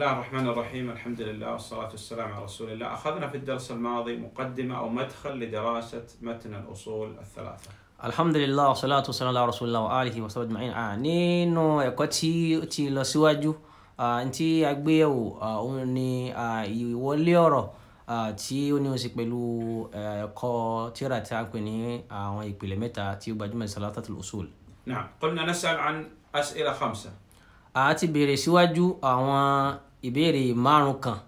بسم الله الرحمن الرحيم الحمد لله والصلاة والسلام على رسول الله أخذنا في الدرس الماضي مقدمة أو مدخل لدراسة متن الأصول الثلاثة الحمد لله والصلاة والسلام على رسول الله وآله وصحبه أجمعين nínú ẹ̀kọ́ tí ti تي لو سواجو ntí agbéyẹ̀wò òun ni ìwọlé ọ̀rọ̀ tí ó ní oṣù pẹ̀lú ẹ̀kọ́ tíra tí تي pè ní àwọn ìpìlẹ̀ mẹ́ta tí ó gbajúmọ̀ Thalathatul نعم قلنا نسأل عن أسئلة خمسة. a ti béèrè ìbéèrè márùn kan.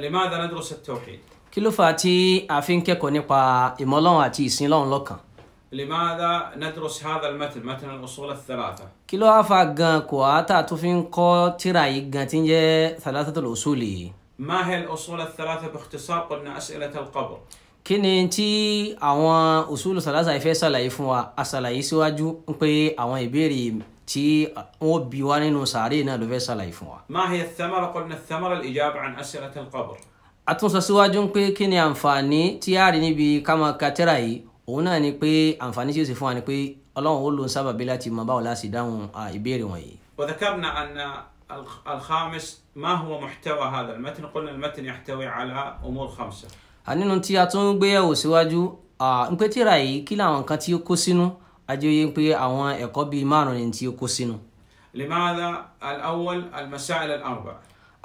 لماذا ندرس التوحيد؟ kí ló fà á tí a fi ń kẹ́kọ̀ọ́ nípa ìmọ̀lọ́run àti ìsìn lọ́run lọ́kàn. لماذا ندرس هذا المتن متن الأصول الثلاثة؟ kí ló wá fa gan kò á tà tó fi ń kọ́ tíra yìí gan tí ń jẹ́ ثلاثة الأصول yìí. ما هي الأصول الثلاثة باختصار قلنا أسئلة القبر. kí ni tí àwọn òṣùlù sàlásà ìfẹ́ ṣàlàyé fún wa àṣàlàyé síwájú ń pé àwọn ìbéèrè tí wọn bí wa nínú sàárè náà ló fẹ́ ṣàlàyé fún wa. ma hiya thamara qulna thamara al-ijaba an as'ilati al-qabr. àtúnṣe síwájú ń pé kí ni àǹfààní tí a rí níbi káma katera yìí òun náà ni pé àǹfààní tí ó sì fún wa ni pé ọlọ́run ó lo sábàbí láti mọ báwo láti dáhùn ìbéèrè wọ̀nyí. wa dhakarna anna al-khamis ma huwa muhtawa hadha al-matn qulna al-matn yahtawi ala umur khamsa. ànínú tí a tún gbéyàwó síwájú ń pé tíra yìí kí làwọn kan tí ó kó sínú ajóyé pé àwọn ẹ̀kọ́ bíi márùn ni tí ó kó sínú. limaada al-awwal al-masail al-arba.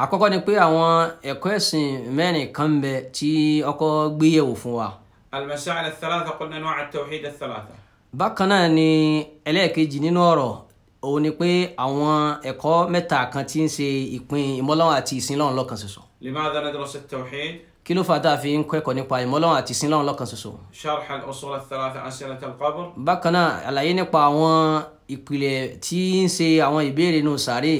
àkọ́kọ́ ni pé àwọn ẹ̀kọ́ ẹ̀sìn mẹ́rin kan bẹ tí ọkọ gbéyẹ̀wò fún wa. al-masail al-thalatha qulna nu'a at-tawhid al-thalatha. bákan ni ẹlẹ́ẹ̀kejì nínú ọ̀rọ̀ òun ni pé àwọn ẹ̀kọ́ mẹ́ta kan tí ń ṣe ìpín ìmọ̀lọ́wọ́ àti ìsinlọ́run lọ́kan ṣoṣo. limaada nadrasa at-tawhid kí ló fà tá a fi ń kẹ́kọ̀ọ́ nípa ìmọ̀lọ́wọ́n àti sinlọ́wọ́n lọ́kan ṣoṣo. sharh al-usul ath-thalatha an silat al-qabr. bákan náà àlàyé nípa àwọn ìpìlẹ̀ tí ń ṣe àwọn ìbéèrè nù sàárè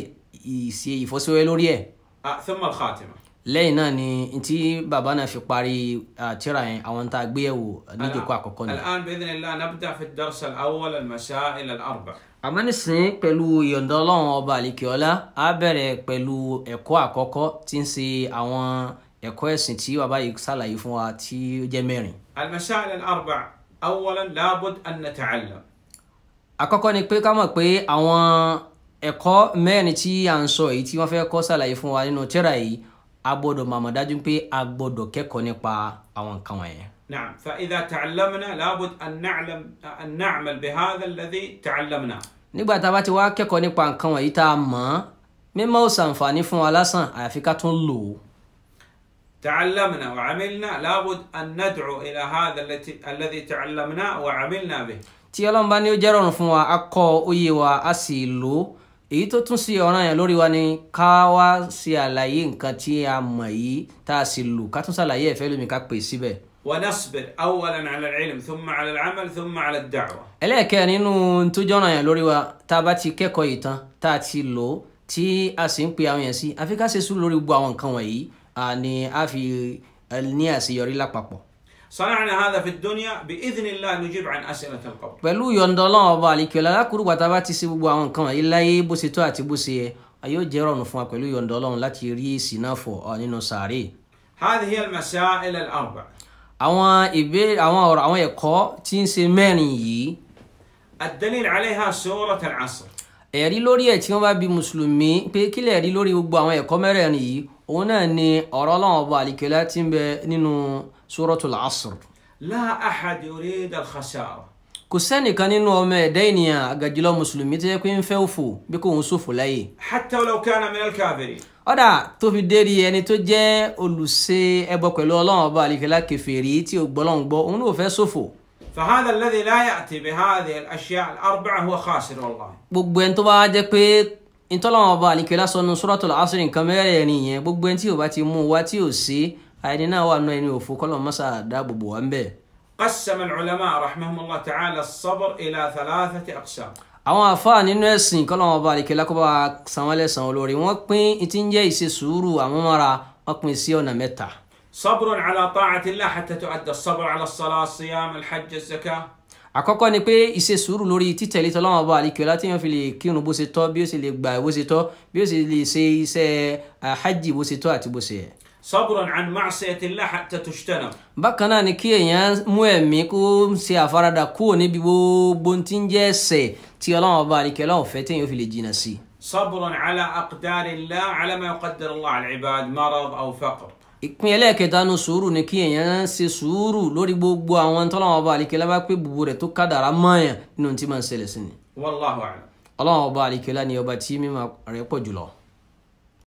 ìṣe ìfọ́síwẹ́ lórí ẹ̀. Ah, thumma al-khatima. lẹ́yìn náà ni tí bàbá náà fi parí àtìrà ah, yẹn àwọn tá a gbé yẹ̀wò níjókòó àkọ́kọ́ ni. al-an bi-idhnillah nabda fi ad-dars al-awwal al-masail al-arba'a. àmọ́ nísìnyí pẹ̀lú ìyọ̀ǹda Ọlọ́run ọba àlekèọ́lá á bẹ̀rẹ̀ pẹ̀lú ẹ̀kọ́ àkọ́kọ́ tí ń ṣe àwọn ẹ̀kọ́ ẹ̀sìn tí bàbá yìí ṣàlàyé fún wa tí ó jẹ́ mẹ́rin. al-masail al-arba'a awwalan labud an nata'allam. àkọ́kọ́ ni pé ká mọ̀ pé àwọn ẹ̀kọ́ mẹ́rin tí à ń sọ èyí tí wọ́n fẹ́ kọ́ ṣàlàyé fún wa nínú tírà yìí a gbọ́dọ̀ màmá dájú pé a gbọ́dọ̀ kẹ́kọ̀ọ́ nípa àwọn nǹkan wọ̀nyẹn. نعم فإذا تعلمنا لابد أن نعلم أن نعمل بهذا الذي تعلمناه nígbà tá a bá ti wá kẹ́kọ̀ọ́ nípa nǹkan wọ̀nyí tá a mọ̀ ọ́ mímọ̀ ò ṣàǹfààní fún wa lásán àyàfi ká tún lò ó. تعلمنا وعملنا لابد أن ندعو إلى هذا التي الذي تعلمنا وعملنا به tí ọlọ́run bá فما ó jẹ́ rọrùn fún wa a kọ́ òye wa a sì lò ó èyí tó tún sí ọ̀ràn yẹn lórí wa ni ká wá ṣe àlàyé nǹkan tí a mọ̀ yìí tá a sì lò ká tún ṣàlàyé ẹ̀fẹ́ lómi ká pè síbẹ̀. ونصبر أولا على العلم ثم على العمل ثم على الدعوة. ẹlẹ́ẹ̀kẹ́ nínú tó jẹ́ ọ̀ràn yẹn lórí wa tá a bá ti kẹ́kọ̀ọ́ ìtàn tá a ti lò tí a sì ń pe àwọn yẹn sí àfi ká ṣe sùúrù lórí gbogbo àwọn nǹkan wọ̀nyí ni a fi ní àṣeyọrí lápapọ̀. صنعنا هذا في الدنيا بإذن الله نجيب عن أسئلة القبر. pẹ̀lú yọ̀ǹda ọlọ́run ọba àlìkẹ́lá lákùrú bàtàbà ti ṣe gbogbo àwọn nǹkan yìí láyé bó ṣe tó àti bó ṣe yẹ yóò jẹ́ rọrùn fún wa pẹ̀lú yọ̀ǹda láti rí èsì náà fọ̀ nínú sàárè. هذه هي المسائل الأربع. àwọn ìbéèrè àwọn ọ̀rọ̀ àwọn ẹ̀kọ́ tí ń ṣe mẹ́rin yìí. الدليل عليها سورة العصر. ẹ̀rí lórí ẹ̀ tí wọ́n bá bi mùsùlùmí pé kílẹ̀ ẹ̀rí lórí gbogbo àwọn ẹ̀kọ́ mẹ́rẹ̀ẹ̀rin yìí òun náà ni ọ̀rọ̀ ọlọ́run ọba àlìkẹ́lá ti ń bẹ nínú suratul asr. la ahad yurida al-khasara. kò sẹ́nìkan nínú ọmọ ẹ̀dá ènìyàn àgàjìlọ mùsùlùmí tó yẹ pé ń fẹ́ òfò bí kò ń ṣòfò láyè. hatta law kana min al-kafirin. ọ̀dà tó fi dérí ẹni tó jẹ́ olùṣe ẹbọ pẹ̀lú ọlọ́run ọba àlìkẹ́lá kèfèrí tí ò gbọ́ فهذا الذي لا يأتي بهذه الأشياء الأربعة هو خاسر والله. gbogbo ẹni tó bá jẹ́ pé ntọ́lọ́wọ́n ọba àlìkẹ́lá sọnù suratul asri nǹkan mẹ́rẹ̀ẹ̀rin yẹn gbogbo ẹni tí ò bá ti mú wa tí ò sí àìní náà wà nù ẹni òfo kọ́lọ̀ mọ́sá dáàbòbò wa ń bẹ̀. qassama al-ulama rahimahumullah ta'ala as-sabr ila àwọn àfáà nínú ẹ̀sìn kọ́lọ́wọ́n ọba àlìkẹ́lá kó bá sanwó lẹ́sàn olórí wọ́n pín ti ń jẹ́ ìṣe sùúrù àmúmọ́ra wọ́n pín sí ọ̀nà mẹ́ta. sabrun àkọ́kọ́ ni pé ìṣe sùúrù lórí títẹ̀lé tọ́lọ́wọ́n ọba àlekèọ́lá tí yẹn fi lè kírun bó ṣe tọ́ bí ó ṣe lè gbà bó ṣe tọ́ bí ó ṣe lè ṣe iṣẹ́ hajj bó ṣe tọ́ àti bó ṣe yẹ. sabran an ma'siyatillah hatta tujtanab. bákan náà ni kí èèyàn mú ẹ̀mí kó ṣe àfaradà kúrò níbi gbogbo tí ń jẹ́ ẹ̀ṣẹ̀ tí ọlọ́wọ́n ọba àlekèọ́lá ò fẹ́ téèyàn fi lè jìnnà sí. sabran ala aqdarillah ala ma ìpín ẹlẹ́ẹ̀kẹta nu sùúrù ni kí èèyàn ṣe sùúrù lórí gbogbo àwọn tọ́lọ́wọ́n ọba àlìkẹ́lá bá pé bùbù rẹ̀ tó kádàrá mọ́ọ̀yàn nínú tí máa ń ṣẹlẹ̀ sí ni. Wallahu a'lam. ọlọ́wọ́n ọba àlìkẹ́lá ni ọba tí mímọ̀ rẹ̀ pọ̀ jùlọ.